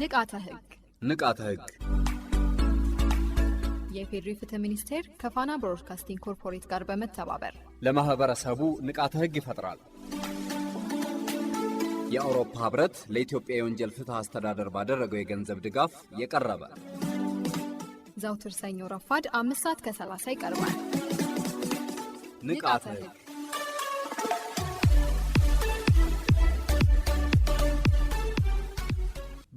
ንቃተ ህግ ንቃተ ህግ የፌዴሪ ፍትህ ሚኒስቴር ከፋና ብሮድካስቲንግ ኮርፖሬት ጋር በመተባበር ለማህበረሰቡ ንቃተ ህግ ይፈጥራል። የአውሮፓ ህብረት ለኢትዮጵያ የወንጀል ፍትህ አስተዳደር ባደረገው የገንዘብ ድጋፍ የቀረበ ዘውትር ሰኞ ረፋድ አምስት ሰዓት ከ30 ይቀርባል። ንቃተ ህግ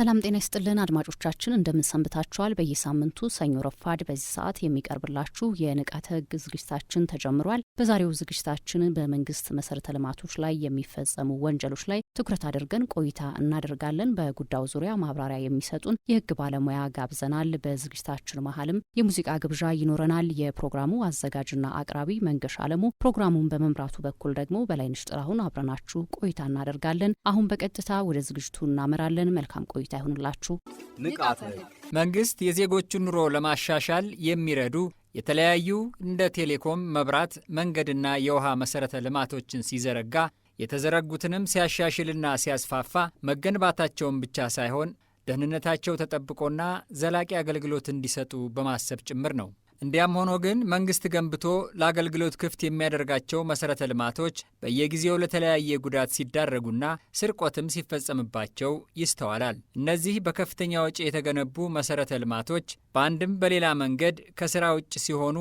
ሰላም ጤና ይስጥልን አድማጮቻችን፣ እንደምንሰንብታችኋል። በየሳምንቱ ሰኞ ረፋድ በዚህ ሰዓት የሚቀርብላችሁ የንቃተ ህግ ዝግጅታችን ተጀምሯል። በዛሬው ዝግጅታችን በመንግስት መሰረተ ልማቶች ላይ የሚፈጸሙ ወንጀሎች ላይ ትኩረት አድርገን ቆይታ እናደርጋለን። በጉዳዩ ዙሪያ ማብራሪያ የሚሰጡን የህግ ባለሙያ ጋብዘናል። በዝግጅታችን መሀልም የሙዚቃ ግብዣ ይኖረናል። የፕሮግራሙ አዘጋጅና አቅራቢ መንገሻ አለሙ፣ ፕሮግራሙን በመምራቱ በኩል ደግሞ በላይነሽ ጥራሁን አብረናችሁ ቆይታ እናደርጋለን። አሁን በቀጥታ ወደ ዝግጅቱ እናመራለን። መልካም ቆይታ ባለቤት አይሆንላችሁ። ንቃተ መንግስት የዜጎቹን ኑሮ ለማሻሻል የሚረዱ የተለያዩ እንደ ቴሌኮም፣ መብራት፣ መንገድና የውሃ መሠረተ ልማቶችን ሲዘረጋ የተዘረጉትንም ሲያሻሽልና ሲያስፋፋ መገንባታቸውን ብቻ ሳይሆን ደህንነታቸው ተጠብቆና ዘላቂ አገልግሎት እንዲሰጡ በማሰብ ጭምር ነው። እንዲያም ሆኖ ግን መንግስት ገንብቶ ለአገልግሎት ክፍት የሚያደርጋቸው መሰረተ ልማቶች በየጊዜው ለተለያየ ጉዳት ሲዳረጉና ስርቆትም ሲፈጸምባቸው ይስተዋላል። እነዚህ በከፍተኛ ወጪ የተገነቡ መሰረተ ልማቶች በአንድም በሌላ መንገድ ከስራ ውጭ ሲሆኑ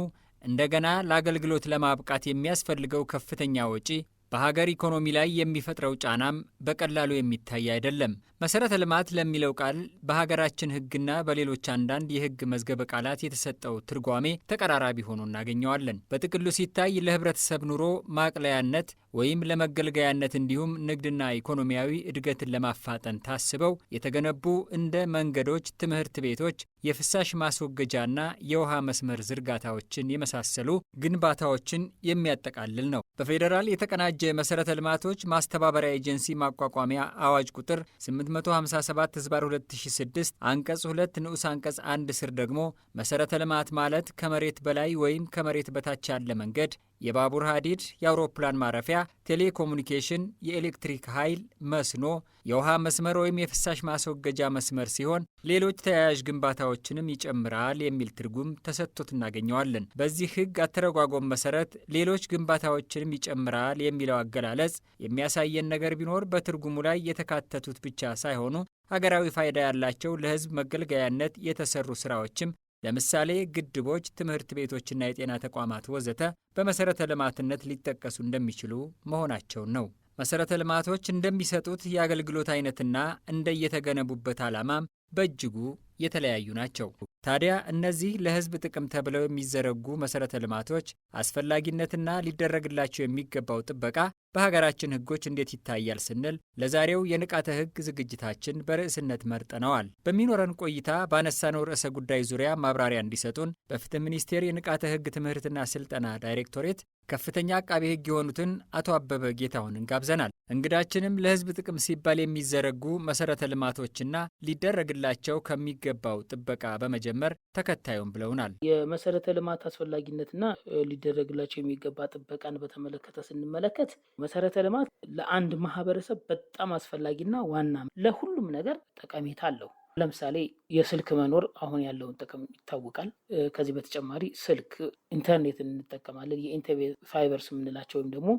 እንደገና ለአገልግሎት ለማብቃት የሚያስፈልገው ከፍተኛ ወጪ በሀገር ኢኮኖሚ ላይ የሚፈጥረው ጫናም በቀላሉ የሚታይ አይደለም። መሰረተ ልማት ለሚለው ቃል በሀገራችን ሕግና በሌሎች አንዳንድ የሕግ መዝገበ ቃላት የተሰጠው ትርጓሜ ተቀራራቢ ሆኖ እናገኘዋለን። በጥቅሉ ሲታይ ለህብረተሰብ ኑሮ ማቅለያነት ወይም ለመገልገያነት እንዲሁም ንግድና ኢኮኖሚያዊ እድገትን ለማፋጠን ታስበው የተገነቡ እንደ መንገዶች፣ ትምህርት ቤቶች፣ የፍሳሽ ማስወገጃና የውሃ መስመር ዝርጋታዎችን የመሳሰሉ ግንባታዎችን የሚያጠቃልል ነው። በፌዴራል የተቀናጀ መሠረተ ልማቶች ማስተባበሪያ ኤጀንሲ ማቋቋሚያ አዋጅ ቁጥር 857 ህዝባር 2006 አንቀጽ 2 ንዑስ አንቀጽ 1 ስር ደግሞ መሠረተ ልማት ማለት ከመሬት በላይ ወይም ከመሬት በታች ያለ መንገድ የባቡር ሀዲድ፣ የአውሮፕላን ማረፊያ፣ ቴሌኮሙኒኬሽን፣ የኤሌክትሪክ ኃይል፣ መስኖ፣ የውሃ መስመር ወይም የፍሳሽ ማስወገጃ መስመር ሲሆን ሌሎች ተያያዥ ግንባታዎችንም ይጨምራል የሚል ትርጉም ተሰጥቶት እናገኘዋለን። በዚህ ሕግ አተረጓጎም መሰረት ሌሎች ግንባታዎችንም ይጨምራል የሚለው አገላለጽ የሚያሳየን ነገር ቢኖር በትርጉሙ ላይ የተካተቱት ብቻ ሳይሆኑ ሀገራዊ ፋይዳ ያላቸው ለሕዝብ መገልገያነት የተሰሩ ስራዎችም ለምሳሌ ግድቦች፣ ትምህርት ቤቶችና የጤና ተቋማት ወዘተ በመሠረተ ልማትነት ሊጠቀሱ እንደሚችሉ መሆናቸውን ነው። መሠረተ ልማቶች እንደሚሰጡት የአገልግሎት አይነትና እንደየተገነቡበት ዓላማም በእጅጉ የተለያዩ ናቸው። ታዲያ እነዚህ ለህዝብ ጥቅም ተብለው የሚዘረጉ መሰረተ ልማቶች አስፈላጊነትና ሊደረግላቸው የሚገባው ጥበቃ በሀገራችን ህጎች እንዴት ይታያል ስንል ለዛሬው የንቃተ ህግ ዝግጅታችን በርዕስነት መርጠነዋል። በሚኖረን ቆይታ ባነሳነው ርዕሰ ጉዳይ ዙሪያ ማብራሪያ እንዲሰጡን በፍትህ ሚኒስቴር የንቃተ ህግ ትምህርትና ስልጠና ዳይሬክቶሬት ከፍተኛ አቃቤ ሕግ የሆኑትን አቶ አበበ ጌታሁንን ጋብዘናል። እንግዳችንም ለሕዝብ ጥቅም ሲባል የሚዘረጉ መሰረተ ልማቶችና ሊደረግላቸው ከሚገባው ጥበቃ በመጀመር ተከታዩም ብለውናል። የመሰረተ ልማት አስፈላጊነትና ሊደረግላቸው የሚገባ ጥበቃን በተመለከተ ስንመለከት መሰረተ ልማት ለአንድ ማህበረሰብ በጣም አስፈላጊና ዋና ለሁሉም ነገር ጠቀሜታ አለው። ለምሳሌ የስልክ መኖር አሁን ያለውን ጥቅም ይታወቃል። ከዚህ በተጨማሪ ስልክ ኢንተርኔትን እንጠቀማለን። የኢንተርኔት ፋይበርስ የምንላቸው ወይም ደግሞ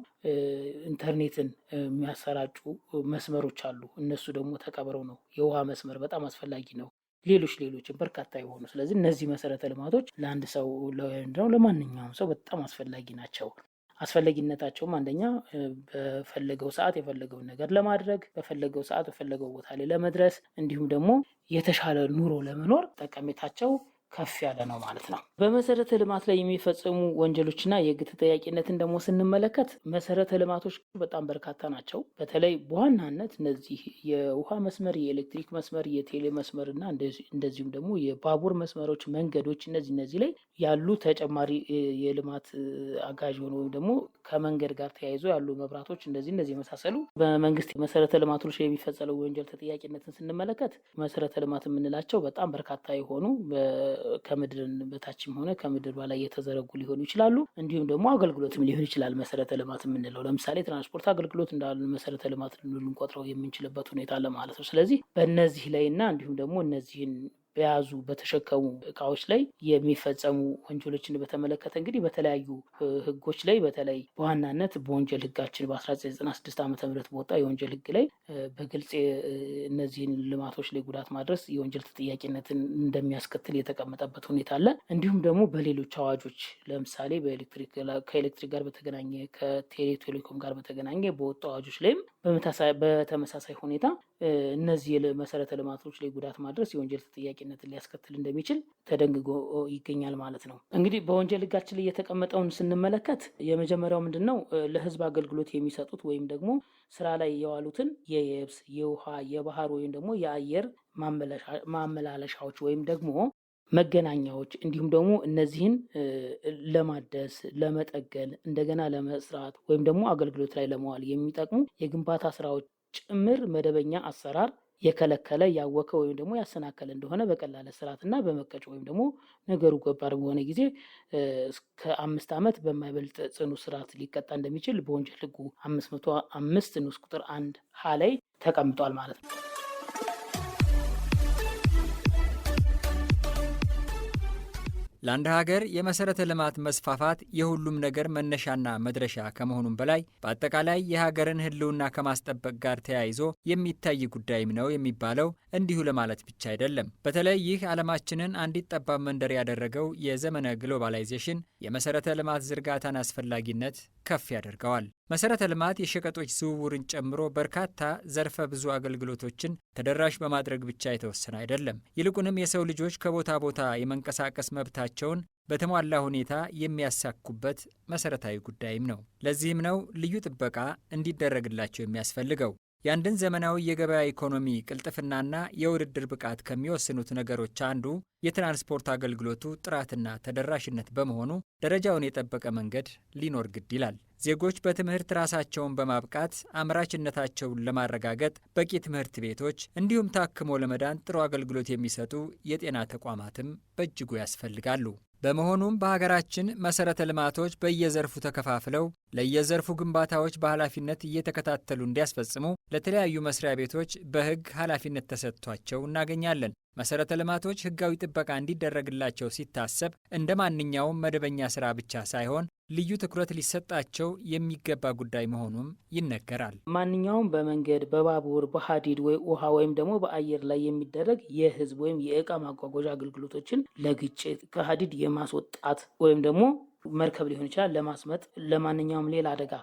ኢንተርኔትን የሚያሰራጩ መስመሮች አሉ። እነሱ ደግሞ ተቀብረው ነው። የውሃ መስመር በጣም አስፈላጊ ነው። ሌሎች ሌሎችን በርካታ የሆኑ ስለዚህ እነዚህ መሰረተ ልማቶች ለአንድ ሰው ለማንኛውም ሰው በጣም አስፈላጊ ናቸው። አስፈላጊነታቸውም አንደኛ በፈለገው ሰዓት የፈለገውን ነገር ለማድረግ በፈለገው ሰዓት በፈለገው ቦታ ላይ ለመድረስ እንዲሁም ደግሞ የተሻለ ኑሮ ለመኖር ጠቀሜታቸው ከፍ ያለ ነው ማለት ነው። በመሰረተ ልማት ላይ የሚፈጸሙ ወንጀሎችና የህግ ተጠያቂነትን ደግሞ ስንመለከት መሰረተ ልማቶች በጣም በርካታ ናቸው። በተለይ በዋናነት እነዚህ የውሃ መስመር፣ የኤሌክትሪክ መስመር፣ የቴሌ መስመር እና እንደዚሁም ደግሞ የባቡር መስመሮች፣ መንገዶች እነዚህ እነዚህ ላይ ያሉ ተጨማሪ የልማት አጋዥ የሆኑ ወይም ደግሞ ከመንገድ ጋር ተያይዞ ያሉ መብራቶች፣ እንደዚህ እነዚህ የመሳሰሉ በመንግስት መሰረተ ልማቶች ላይ የሚፈጸመው ወንጀል ተጠያቂነትን ስንመለከት መሰረተ ልማት የምንላቸው በጣም በርካታ የሆኑ ከምድር በታችም ሆነ ከምድር በላይ የተዘረጉ ሊሆኑ ይችላሉ። እንዲሁም ደግሞ አገልግሎትም ሊሆን ይችላል። መሰረተ ልማት የምንለው ለምሳሌ ትራንስፖርት አገልግሎት እንዳሉ መሰረተ ልማት ልንቆጥረው የምንችልበት ሁኔታ አለ ማለት ነው። ስለዚህ በእነዚህ ላይ እና እንዲሁም ደግሞ እነዚህን በያዙ በተሸከሙ እቃዎች ላይ የሚፈጸሙ ወንጀሎችን በተመለከተ እንግዲህ በተለያዩ ህጎች ላይ በተለይ በዋናነት በወንጀል ህጋችን በ1996 ዓ ም በወጣ የወንጀል ህግ ላይ በግልጽ እነዚህን ልማቶች ላይ ጉዳት ማድረስ የወንጀል ተጠያቂነትን እንደሚያስከትል የተቀመጠበት ሁኔታ አለ። እንዲሁም ደግሞ በሌሎች አዋጆች ለምሳሌ ከኤሌክትሪክ ጋር በተገናኘ ከቴሌ ቴሌኮም ጋር በተገናኘ በወጡ አዋጆች ላይም በተመሳሳይ ሁኔታ እነዚህ መሰረተ ልማቶች ላይ ጉዳት ማድረስ የወንጀል ተጠያቂነትን ሊያስከትል እንደሚችል ተደንግጎ ይገኛል ማለት ነው። እንግዲህ በወንጀል ሕጋችን ላይ የተቀመጠውን ስንመለከት የመጀመሪያው ምንድን ነው? ለሕዝብ አገልግሎት የሚሰጡት ወይም ደግሞ ስራ ላይ የዋሉትን የየብስ፣ የውሃ፣ የባህር ወይም ደግሞ የአየር ማመላለሻዎች ወይም ደግሞ መገናኛዎች እንዲሁም ደግሞ እነዚህን ለማደስ ለመጠገን እንደገና ለመስራት ወይም ደግሞ አገልግሎት ላይ ለመዋል የሚጠቅሙ የግንባታ ስራዎች ጭምር መደበኛ አሰራር የከለከለ ያወከ ወይም ደግሞ ያሰናከለ እንደሆነ በቀላለ ስርዓት እና በመቀጮ ወይም ደግሞ ነገሩ ገባር በሆነ ጊዜ እስከ አምስት ዓመት በማይበልጥ ጽኑ ስርዓት ሊቀጣ እንደሚችል በወንጀል ህጉ አምስት መቶ አምስት ንዑስ ቁጥር አንድ ሀ ላይ ተቀምጧል ማለት ነው። ለአንድ ሀገር የመሰረተ ልማት መስፋፋት የሁሉም ነገር መነሻና መድረሻ ከመሆኑም በላይ በአጠቃላይ የሀገርን ሕልውና ከማስጠበቅ ጋር ተያይዞ የሚታይ ጉዳይም ነው የሚባለው እንዲሁ ለማለት ብቻ አይደለም። በተለይ ይህ ዓለማችንን አንዲት ጠባብ መንደር ያደረገው የዘመነ ግሎባላይዜሽን የመሰረተ ልማት ዝርጋታን አስፈላጊነት ከፍ ያደርገዋል። መሰረተ ልማት የሸቀጦች ዝውውርን ጨምሮ በርካታ ዘርፈ ብዙ አገልግሎቶችን ተደራሽ በማድረግ ብቻ የተወሰነ አይደለም። ይልቁንም የሰው ልጆች ከቦታ ቦታ የመንቀሳቀስ መብታቸውን በተሟላ ሁኔታ የሚያሳኩበት መሰረታዊ ጉዳይም ነው። ለዚህም ነው ልዩ ጥበቃ እንዲደረግላቸው የሚያስፈልገው። የአንድን ዘመናዊ የገበያ ኢኮኖሚ ቅልጥፍናና የውድድር ብቃት ከሚወስኑት ነገሮች አንዱ የትራንስፖርት አገልግሎቱ ጥራትና ተደራሽነት በመሆኑ ደረጃውን የጠበቀ መንገድ ሊኖር ግድ ይላል። ዜጎች በትምህርት ራሳቸውን በማብቃት አምራችነታቸውን ለማረጋገጥ በቂ ትምህርት ቤቶች እንዲሁም ታክሞ ለመዳን ጥሩ አገልግሎት የሚሰጡ የጤና ተቋማትም በእጅጉ ያስፈልጋሉ። በመሆኑም በሀገራችን መሰረተ ልማቶች በየዘርፉ ተከፋፍለው ለየዘርፉ ግንባታዎች በኃላፊነት እየተከታተሉ እንዲያስፈጽሙ ለተለያዩ መስሪያ ቤቶች በሕግ ኃላፊነት ተሰጥቷቸው እናገኛለን። መሰረተ ልማቶች ህጋዊ ጥበቃ እንዲደረግላቸው ሲታሰብ እንደ ማንኛውም መደበኛ ስራ ብቻ ሳይሆን ልዩ ትኩረት ሊሰጣቸው የሚገባ ጉዳይ መሆኑም ይነገራል። ማንኛውም በመንገድ፣ በባቡር፣ በሀዲድ ወይ ውሃ ወይም ደግሞ በአየር ላይ የሚደረግ የህዝብ ወይም የእቃ ማጓጓዣ አገልግሎቶችን ለግጭት ከሀዲድ የማስወጣት ወይም ደግሞ መርከብ ሊሆን ይችላል ለማስመጥ ለማንኛውም ሌላ አደጋ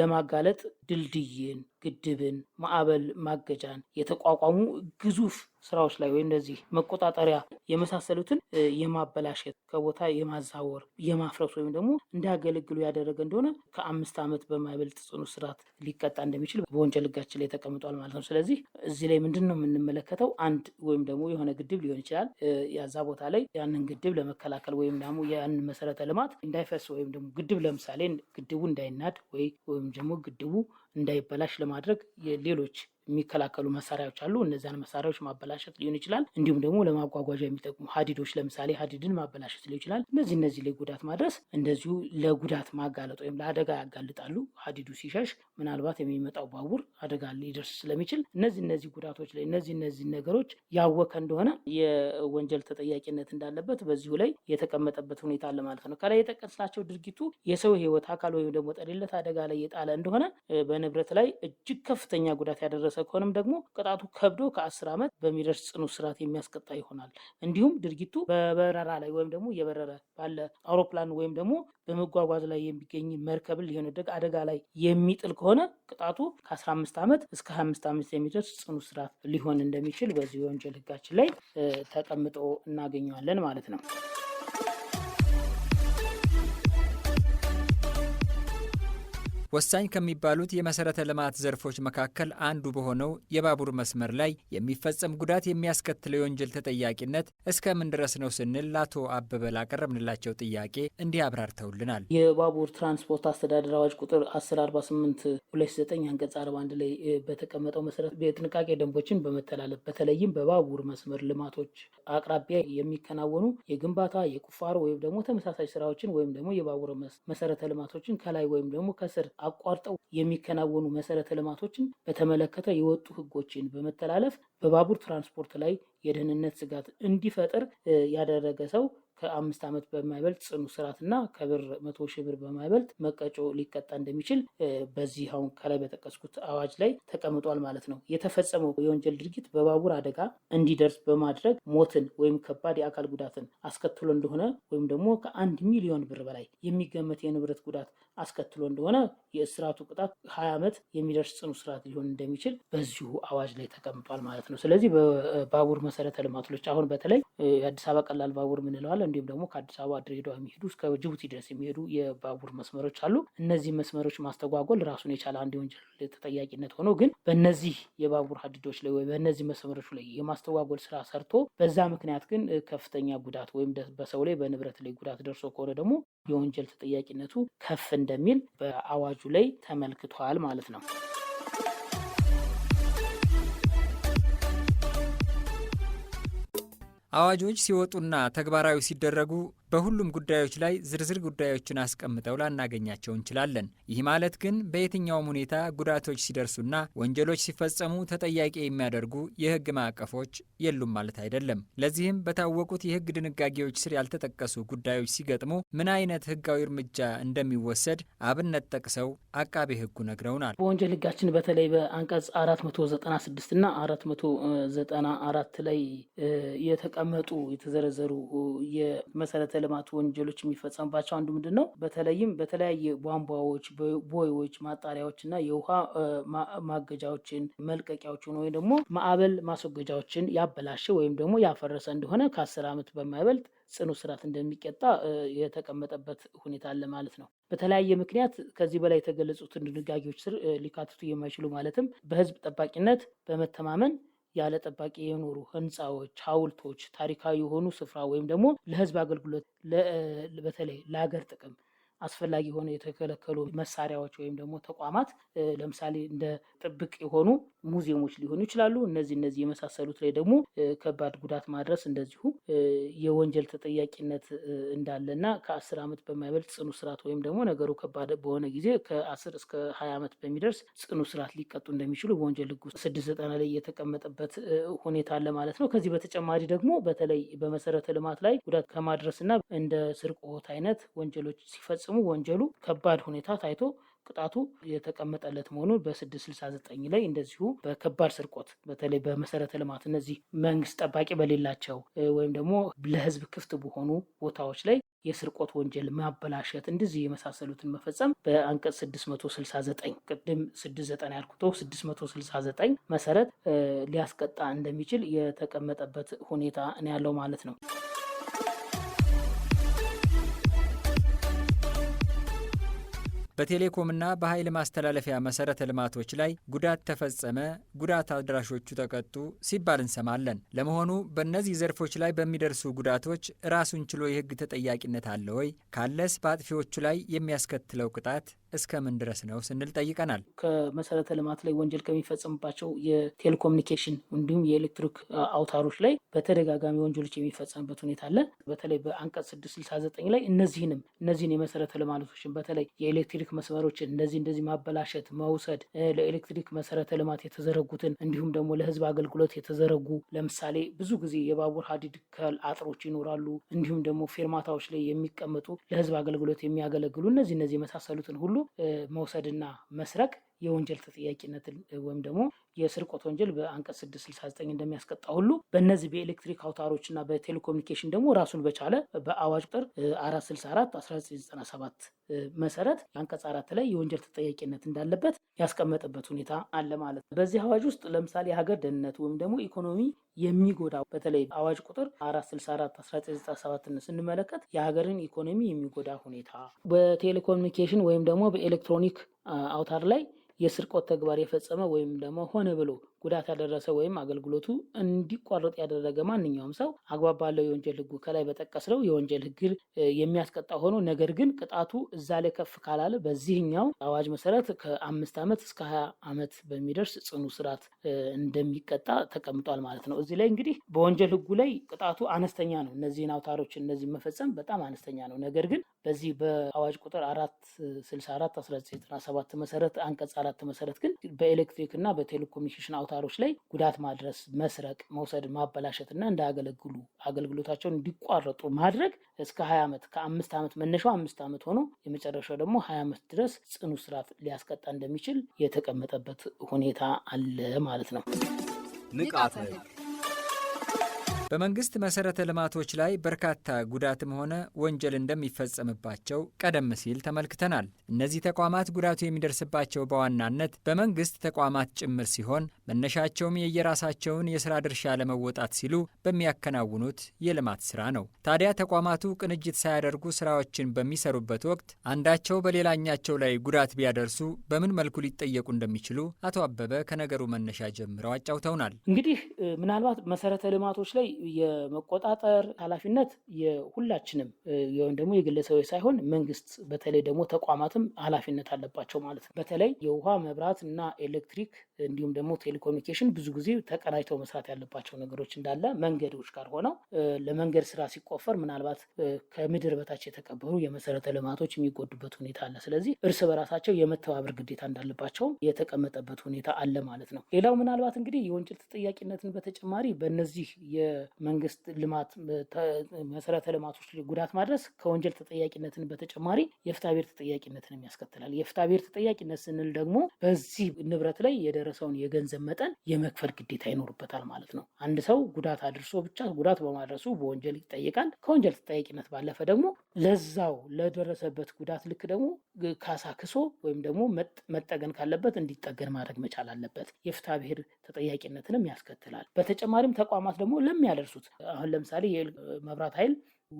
ለማጋለጥ ድልድይን ግድብን፣ ማዕበል ማገጃን የተቋቋሙ ግዙፍ ስራዎች ላይ ወይም እንደዚህ መቆጣጠሪያ የመሳሰሉትን የማበላሸት ከቦታ የማዛወር የማፍረስ ወይም ደግሞ እንዳያገለግሉ ያደረገ እንደሆነ ከአምስት ዓመት በማይበልጥ ጽኑ እስራት ሊቀጣ እንደሚችል በወንጀል ሕጋችን ላይ ተቀምጧል ማለት ነው። ስለዚህ እዚህ ላይ ምንድን ነው የምንመለከተው? አንድ ወይም ደግሞ የሆነ ግድብ ሊሆን ይችላል። ያዛ ቦታ ላይ ያንን ግድብ ለመከላከል ወይም ደግሞ ያንን መሰረተ ልማት እንዳይፈስ ወይም ደግሞ ግድብ ለምሳሌ ግድቡ እንዳይናድ ወይ ወይም ደግሞ ግድቡ እንዳይበላሽ ለማድረግ ሌሎች የሚከላከሉ መሳሪያዎች አሉ። እነዚያን መሳሪያዎች ማበላሸት ሊሆን ይችላል። እንዲሁም ደግሞ ለማጓጓዣ የሚጠቅሙ ሀዲዶች፣ ለምሳሌ ሀዲድን ማበላሸት ሊሆን ይችላል። እነዚህ እነዚህ ላይ ጉዳት ማድረስ እንደዚሁ ለጉዳት ማጋለጥ ወይም ለአደጋ ያጋልጣሉ። ሀዲዱ ሲሸሽ ምናልባት የሚመጣው ባቡር አደጋ ሊደርስ ስለሚችል እነዚህ እነዚህ ጉዳቶች ላይ እነዚህ እነዚህ ነገሮች ያወከ እንደሆነ የወንጀል ተጠያቂነት እንዳለበት በዚሁ ላይ የተቀመጠበት ሁኔታ አለ ማለት ነው። ከላይ የጠቀስናቸው ድርጊቱ የሰው ህይወት አካል ወይም ደግሞ ጠሌለት አደጋ ላይ የጣለ እንደሆነ በንብረት ላይ እጅግ ከፍተኛ ጉዳት ያደረሰ ከሆነም ደግሞ ቅጣቱ ከብዶ ከአስር ዓመት በሚደርስ ጽኑ እስራት የሚያስቀጣ ይሆናል። እንዲሁም ድርጊቱ በበረራ ላይ ወይም ደግሞ የበረረ ባለ አውሮፕላን ወይም ደግሞ በመጓጓዝ ላይ የሚገኝ መርከብን ሊሆን አደጋ ላይ የሚጥል ከሆነ ቅጣቱ ከ15 ዓመት እስከ 25 ዓመት የሚደርስ ጽኑ እስራት ሊሆን እንደሚችል በዚህ የወንጀል ህጋችን ላይ ተቀምጦ እናገኘዋለን ማለት ነው። ወሳኝ ከሚባሉት የመሰረተ ልማት ዘርፎች መካከል አንዱ በሆነው የባቡር መስመር ላይ የሚፈጸም ጉዳት የሚያስከትለው የወንጀል ተጠያቂነት እስከምን ድረስ ነው ስንል ለአቶ አበበ ላቀረብንላቸው ጥያቄ እንዲህ አብራርተውልናል። የባቡር ትራንስፖርት አስተዳደር አዋጅ ቁጥር 1048 29 አንቀጽ 41 ላይ በተቀመጠው መሰረት የጥንቃቄ ደንቦችን በመተላለፍ በተለይም በባቡር መስመር ልማቶች አቅራቢያ የሚከናወኑ የግንባታ የቁፋሮ ወይም ደግሞ ተመሳሳይ ስራዎችን ወይም ደግሞ የባቡር መሰረተ ልማቶችን ከላይ ወይም ደግሞ ከስር አቋርጠው የሚከናወኑ መሰረተ ልማቶችን በተመለከተ የወጡ ህጎችን በመተላለፍ በባቡር ትራንስፖርት ላይ የደህንነት ስጋት እንዲፈጥር ያደረገ ሰው ከአምስት ዓመት በማይበልጥ ጽኑ ስርዓትና ከብር መቶ ሺህ ብር በማይበልጥ መቀጮ ሊቀጣ እንደሚችል በዚህ አሁን ከላይ በጠቀስኩት አዋጅ ላይ ተቀምጧል ማለት ነው። የተፈጸመው የወንጀል ድርጊት በባቡር አደጋ እንዲደርስ በማድረግ ሞትን ወይም ከባድ የአካል ጉዳትን አስከትሎ እንደሆነ ወይም ደግሞ ከአንድ ሚሊዮን ብር በላይ የሚገመት የንብረት ጉዳት አስከትሎ እንደሆነ የእስራቱ ቅጣት ሀያ ዓመት የሚደርስ ጽኑ ስርዓት ሊሆን እንደሚችል በዚሁ አዋጅ ላይ ተቀምጧል ማለት ነው። ስለዚህ በባቡር መሰረተ ልማቶች አሁን በተለይ የአዲስ አበባ ቀላል ባቡር ምንለዋለን እንዲሁም ደግሞ ከአዲስ አበባ ድሬዳዋ የሚሄዱ እስከ ጅቡቲ ድረስ የሚሄዱ የባቡር መስመሮች አሉ። እነዚህ መስመሮች ማስተጓጎል ራሱን የቻለ አንድ የወንጀል ተጠያቂነት ሆኖ ግን በእነዚህ የባቡር ሀዲዶች ላይ ወይ በእነዚህ መስመሮች ላይ የማስተጓጎል ስራ ሰርቶ በዛ ምክንያት ግን ከፍተኛ ጉዳት ወይም በሰው ላይ በንብረት ላይ ጉዳት ደርሶ ከሆነ ደግሞ የወንጀል ተጠያቂነቱ ከፍ እንደሚል በአዋጁ ላይ ተመልክቷል ማለት ነው። አዋጆች ሲወጡና ተግባራዊ ሲደረጉ በሁሉም ጉዳዮች ላይ ዝርዝር ጉዳዮችን አስቀምጠው ላናገኛቸው እንችላለን። ይህ ማለት ግን በየትኛውም ሁኔታ ጉዳቶች ሲደርሱና ወንጀሎች ሲፈጸሙ ተጠያቂ የሚያደርጉ የህግ ማዕቀፎች የሉም ማለት አይደለም። ለዚህም በታወቁት የህግ ድንጋጌዎች ስር ያልተጠቀሱ ጉዳዮች ሲገጥሙ ምን አይነት ህጋዊ እርምጃ እንደሚወሰድ አብነት ጠቅሰው አቃቤ ህጉ ነግረውናል። በወንጀል ህጋችን በተለይ በአንቀጽ 496 እና 494 ላይ የተቀመጡ የተዘረዘሩ የመሰረተ ልማት ወንጀሎች የሚፈጸምባቸው አንዱ ምንድን ነው? በተለይም በተለያየ ቧንቧዎች፣ ቦዮች፣ ማጣሪያዎች እና የውሃ ማገጃዎችን፣ መልቀቂያዎችን ወይም ደግሞ ማዕበል ማስወገጃዎችን ያበላሸ ወይም ደግሞ ያፈረሰ እንደሆነ ከአስር ዓመት በማይበልጥ ጽኑ ስርዓት እንደሚቀጣ የተቀመጠበት ሁኔታ አለ ማለት ነው። በተለያየ ምክንያት ከዚህ በላይ የተገለጹትን ድንጋጌዎች ስር ሊካትቱ የማይችሉ ማለትም በህዝብ ጠባቂነት በመተማመን ያለ ጠባቂ የኖሩ ህንፃዎች፣ ሐውልቶች፣ ታሪካዊ የሆኑ ስፍራ ወይም ደግሞ ለህዝብ አገልግሎት በተለይ ለሀገር ጥቅም አስፈላጊ የሆነ የተከለከሉ መሳሪያዎች ወይም ደግሞ ተቋማት ለምሳሌ እንደ ጥብቅ የሆኑ ሙዚየሞች ሊሆኑ ይችላሉ። እነዚህ እነዚህ የመሳሰሉት ላይ ደግሞ ከባድ ጉዳት ማድረስ እንደዚሁ የወንጀል ተጠያቂነት እንዳለ እና ከአስር ዓመት በማይበልጥ ጽኑ ስርዓት ወይም ደግሞ ነገሩ ከባድ በሆነ ጊዜ ከአስር እስከ ሀያ ዓመት በሚደርስ ጽኑ ስርዓት ሊቀጡ እንደሚችሉ በወንጀል ሕጉ ስድስት ዘጠና ላይ የተቀመጠበት ሁኔታ አለ ማለት ነው። ከዚህ በተጨማሪ ደግሞ በተለይ በመሰረተ ልማት ላይ ጉዳት ከማድረስ እና እንደ ስርቆት አይነት ወንጀሎች ሲፈጽ በመፈጸሙ ወንጀሉ ከባድ ሁኔታ ታይቶ ቅጣቱ የተቀመጠለት መሆኑን በ669 ላይ እንደዚሁ በከባድ ስርቆት በተለይ በመሰረተ ልማት እነዚህ መንግስት ጠባቂ በሌላቸው ወይም ደግሞ ለህዝብ ክፍት በሆኑ ቦታዎች ላይ የስርቆት ወንጀል ማበላሸት፣ እንደዚህ የመሳሰሉትን መፈጸም በአንቀጽ 669 ቅድም 69 ያልኩት 669 መሰረት ሊያስቀጣ እንደሚችል የተቀመጠበት ሁኔታ ያለው ማለት ነው። በቴሌኮምና በኃይል ማስተላለፊያ መሰረተ ልማቶች ላይ ጉዳት ተፈጸመ፣ ጉዳት አድራሾቹ ተቀጡ ሲባል እንሰማለን። ለመሆኑ በእነዚህ ዘርፎች ላይ በሚደርሱ ጉዳቶች ራሱን ችሎ የህግ ተጠያቂነት አለ ወይ? ካለስ በአጥፊዎቹ ላይ የሚያስከትለው ቅጣት እስከ ምን ድረስ ነው ስንል ጠይቀናል። ከመሰረተ ልማት ላይ ወንጀል ከሚፈጸምባቸው የቴሌኮሙኒኬሽን እንዲሁም የኤሌክትሪክ አውታሮች ላይ በተደጋጋሚ ወንጀሎች የሚፈጸምበት ሁኔታ አለ። በተለይ በአንቀጽ ስድስት ስልሳ ዘጠኝ ላይ እነዚህንም እነዚህን የመሰረተ ልማቶችን በተለይ የኤሌክትሪክ መስመሮችን እነዚህ እንደዚህ ማበላሸት፣ መውሰድ ለኤሌክትሪክ መሰረተ ልማት የተዘረጉትን እንዲሁም ደግሞ ለህዝብ አገልግሎት የተዘረጉ ለምሳሌ ብዙ ጊዜ የባቡር ሀዲድ አጥሮች ይኖራሉ። እንዲሁም ደግሞ ፌርማታዎች ላይ የሚቀመጡ ለህዝብ አገልግሎት የሚያገለግሉ እነዚህ እነዚህ የመሳሰሉትን ሁሉ መውሰድና መስረቅ የወንጀል ተጠያቂነት ወይም ደግሞ የስርቆት ወንጀል በአንቀጽ 669 እንደሚያስቀጣ ሁሉ በእነዚህ በኤሌክትሪክ አውታሮችና በቴሌኮሙኒኬሽን ደግሞ ራሱን በቻለ በአዋጅ ቁጥር 464 1997 መሰረት አንቀጽ አራት ላይ የወንጀል ተጠያቂነት እንዳለበት ያስቀመጠበት ሁኔታ አለ ማለት ነው። በዚህ አዋጅ ውስጥ ለምሳሌ የሀገር ደህንነት ወይም ደግሞ ኢኮኖሚ የሚጎዳው በተለይ አዋጅ ቁጥር 464 1997 ስንመለከት የሀገርን ኢኮኖሚ የሚጎዳ ሁኔታ በቴሌኮሙኒኬሽን ወይም ደግሞ በኤሌክትሮኒክ አውታር ላይ የስርቆት ተግባር የፈጸመ ወይም ደግሞ ሆነ ብሎ ጉዳት ያደረሰ ወይም አገልግሎቱ እንዲቋረጥ ያደረገ ማንኛውም ሰው አግባብ ባለው የወንጀል ህጉ ከላይ በጠቀስነው የወንጀል ህግ የሚያስቀጣ ሆኖ ነገር ግን ቅጣቱ እዛ ላይ ከፍ ካላለ በዚህኛው አዋጅ መሰረት ከአምስት ዓመት እስከ ሀያ ዓመት በሚደርስ ጽኑ ስርዓት እንደሚቀጣ ተቀምጧል ማለት ነው። እዚህ ላይ እንግዲህ በወንጀል ህጉ ላይ ቅጣቱ አነስተኛ ነው። እነዚህን አውታሮች እነዚህ መፈጸም በጣም አነስተኛ ነው። ነገር ግን በዚህ በአዋጅ ቁጥር አራት ስልሳ አራት አስራ ዘጠኝ ዘጠና ሰባት መሰረት አንቀጽ አራት መሰረት ግን በኤሌክትሪክ እና በቴሌኮሙኒኬሽን አውታሮች ላይ ጉዳት ማድረስ፣ መስረቅ፣ መውሰድ፣ ማበላሸት እና እንዳያገለግሉ አገልግሎታቸውን እንዲቋረጡ ማድረግ እስከ ሀያ ዓመት ከአምስት ዓመት መነሻው አምስት ዓመት ሆኖ የመጨረሻው ደግሞ ሀያ ዓመት ድረስ ጽኑ እስራት ሊያስቀጣ እንደሚችል የተቀመጠበት ሁኔታ አለ ማለት ነው። ንቃተ ህግ በመንግስት መሰረተ ልማቶች ላይ በርካታ ጉዳትም ሆነ ወንጀል እንደሚፈጸምባቸው ቀደም ሲል ተመልክተናል። እነዚህ ተቋማት ጉዳቱ የሚደርስባቸው በዋናነት በመንግስት ተቋማት ጭምር ሲሆን መነሻቸውም የየራሳቸውን የስራ ድርሻ ለመወጣት ሲሉ በሚያከናውኑት የልማት ስራ ነው። ታዲያ ተቋማቱ ቅንጅት ሳያደርጉ ስራዎችን በሚሰሩበት ወቅት አንዳቸው በሌላኛቸው ላይ ጉዳት ቢያደርሱ በምን መልኩ ሊጠየቁ እንደሚችሉ አቶ አበበ ከነገሩ መነሻ ጀምረው አጫውተውናል። እንግዲህ ምናልባት መሰረተ ልማቶች ላይ የመቆጣጠር ኃላፊነት የሁላችንም ወይም ደግሞ የግለሰቦች ሳይሆን መንግስት፣ በተለይ ደግሞ ተቋማትም ኃላፊነት አለባቸው ማለት ነው። በተለይ የውሃ መብራት እና ኤሌክትሪክ እንዲሁም ደግሞ ቴሌኮሙኒኬሽን ብዙ ጊዜ ተቀናጅተው መስራት ያለባቸው ነገሮች እንዳለ መንገዶች ጋር ሆነው ለመንገድ ስራ ሲቆፈር ምናልባት ከምድር በታች የተቀበሩ የመሰረተ ልማቶች የሚጎዱበት ሁኔታ አለ። ስለዚህ እርስ በራሳቸው የመተባበር ግዴታ እንዳለባቸውም የተቀመጠበት ሁኔታ አለ ማለት ነው። ሌላው ምናልባት እንግዲህ የወንጀል ተጠያቂነትን በተጨማሪ በነዚህ ። መንግስት ልማት መሰረተ ልማቶች ጉዳት ማድረስ ከወንጀል ተጠያቂነትን በተጨማሪ የፍታ የፍትሐብሔር ተጠያቂነትን ያስከትላል። የፍታ የፍትሐብሔር ተጠያቂነት ስንል ደግሞ በዚህ ንብረት ላይ የደረሰውን የገንዘብ መጠን የመክፈል ግዴታ ይኖርበታል ማለት ነው። አንድ ሰው ጉዳት አድርሶ ብቻ ጉዳት በማድረሱ በወንጀል ይጠየቃል። ከወንጀል ተጠያቂነት ባለፈ ደግሞ ለዛው ለደረሰበት ጉዳት ልክ ደግሞ ካሳ ክሶ ወይም ደግሞ መጠገን ካለበት እንዲጠገን ማድረግ መቻል አለበት። የፍታ ብሔር ተጠያቂነትንም ያስከትላል። በተጨማሪም ተቋማት ደግሞ ለሚያለ የሚያደርሱት። አሁን ለምሳሌ የመብራት መብራት ኃይል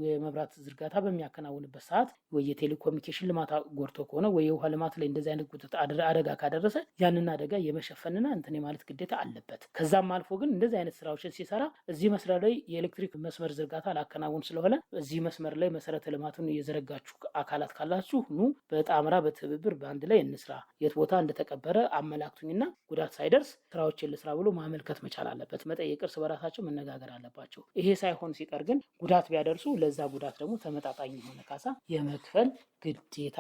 የመብራት ዝርጋታ በሚያከናውንበት ሰዓት ወይ የቴሌኮሙኒኬሽን ልማት ጎድቶ ከሆነ ወይ የውሃ ልማት ላይ እንደዚህ አይነት ጉዳት አደጋ ካደረሰ ያንን አደጋ የመሸፈንና እንትን የማለት ግዴታ አለበት። ከዛም አልፎ ግን እንደዚህ አይነት ስራዎችን ሲሰራ እዚህ መስሪያ ላይ የኤሌክትሪክ መስመር ዝርጋታ ላከናውን ስለሆነ እዚህ መስመር ላይ መሰረተ ልማትን የዘረጋችሁ አካላት ካላችሁ ኑ በጣምራ በትብብር በአንድ ላይ እንስራ፣ የት ቦታ እንደተቀበረ አመላክቱኝና ጉዳት ሳይደርስ ስራዎች ልስራ ብሎ ማመልከት መቻል አለበት። መጠየቅ እርስ በራሳቸው መነጋገር አለባቸው። ይሄ ሳይሆን ሲቀር ግን ጉዳት ቢያደርሱ ለዛ ጉዳት ደግሞ ተመጣጣኝ የሆነ ካሳ የመክፈል ግዴታ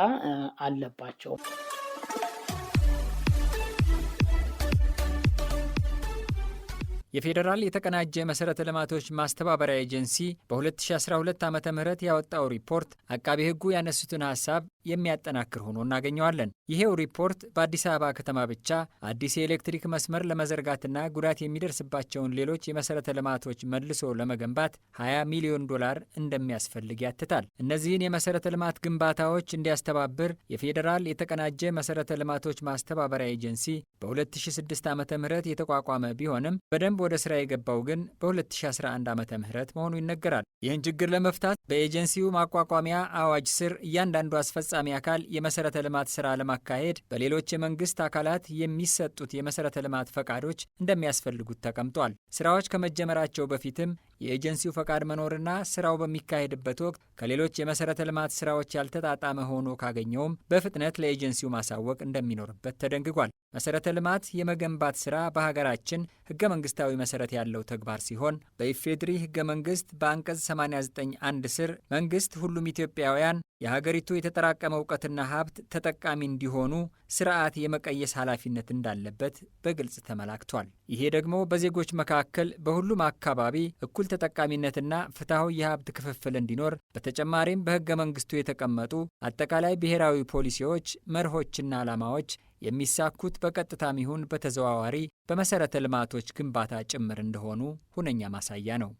አለባቸው። የፌዴራል የተቀናጀ መሠረተ ልማቶች ማስተባበሪያ ኤጀንሲ በ2012 ዓ ም ያወጣው ሪፖርት አቃቤ ሕጉ ያነሱትን ሀሳብ የሚያጠናክር ሆኖ እናገኘዋለን። ይሄው ሪፖርት በአዲስ አበባ ከተማ ብቻ አዲስ የኤሌክትሪክ መስመር ለመዘርጋትና ጉዳት የሚደርስባቸውን ሌሎች የመሠረተ ልማቶች መልሶ ለመገንባት 20 ሚሊዮን ዶላር እንደሚያስፈልግ ያትታል። እነዚህን የመሠረተ ልማት ግንባታዎች እንዲያስተባብር የፌዴራል የተቀናጀ መሠረተ ልማቶች ማስተባበሪያ ኤጀንሲ በ2006 ዓ ም የተቋቋመ ቢሆንም በደንብ ወደ ስራ የገባው ግን በ2011 ዓ ም መሆኑ ይነገራል። ይህን ችግር ለመፍታት በኤጀንሲው ማቋቋሚያ አዋጅ ስር እያንዳንዱ አስፈጻሚ አካል የመሰረተ ልማት ስራ ለማካሄድ በሌሎች የመንግስት አካላት የሚሰጡት የመሰረተ ልማት ፈቃዶች እንደሚያስፈልጉት ተቀምጧል። ስራዎች ከመጀመራቸው በፊትም የኤጀንሲው ፈቃድ መኖርና ስራው በሚካሄድበት ወቅት ከሌሎች የመሰረተ ልማት ስራዎች ያልተጣጣመ ሆኖ ካገኘውም በፍጥነት ለኤጀንሲው ማሳወቅ እንደሚኖርበት ተደንግጓል። መሰረተ ልማት የመገንባት ስራ በሀገራችን ህገ መንግስታዊ መሰረት ያለው ተግባር ሲሆን በኢፌድሪ ህገ መንግስት በአንቀጽ 89 አንድ ስር መንግስት ሁሉም ኢትዮጵያውያን የሀገሪቱ የተጠራቀመ እውቀትና ሀብት ተጠቃሚ እንዲሆኑ ስርዓት የመቀየስ ኃላፊነት እንዳለበት በግልጽ ተመላክቷል። ይሄ ደግሞ በዜጎች መካከል በሁሉም አካባቢ እኩል ተጠቃሚነትና ፍትሐዊ የሀብት ክፍፍል እንዲኖር በተጨማሪም በሕገ መንግስቱ የተቀመጡ አጠቃላይ ብሔራዊ ፖሊሲዎች፣ መርሆችና ዓላማዎች የሚሳኩት በቀጥታም ይሁን በተዘዋዋሪ በመሠረተ ልማቶች ግንባታ ጭምር እንደሆኑ ሁነኛ ማሳያ ነው።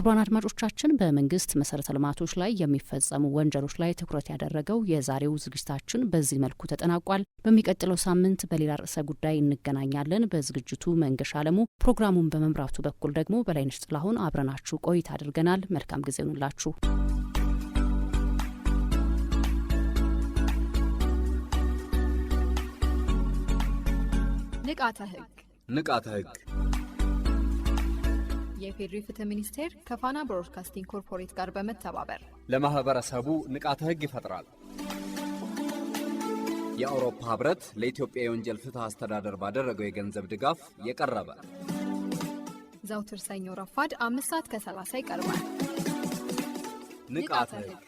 ክቡራን አድማጮቻችን በመንግስት መሰረተ ልማቶች ላይ የሚፈጸሙ ወንጀሎች ላይ ትኩረት ያደረገው የዛሬው ዝግጅታችን በዚህ መልኩ ተጠናቋል። በሚቀጥለው ሳምንት በሌላ ርዕሰ ጉዳይ እንገናኛለን። በዝግጅቱ መንገሻ አለሙ፣ ፕሮግራሙን በመምራቱ በኩል ደግሞ በላይነሽ ጥላሁን አብረናችሁ ቆይታ አድርገናል። መልካም ጊዜ ይሁንላችሁ። ንቃተ ህግ ንቃተ ህግ የፌዴሪ ፍትህ ሚኒስቴር ከፋና ብሮድካስቲንግ ኮርፖሬት ጋር በመተባበር ለማህበረሰቡ ንቃተ ህግ ይፈጥራል። የአውሮፓ ህብረት ለኢትዮጵያ የወንጀል ፍትህ አስተዳደር ባደረገው የገንዘብ ድጋፍ የቀረበ ዘውትር ሰኞ ረፋድ አምስት ሰዓት ከ30 ይቀርባል። ንቃተ ህግ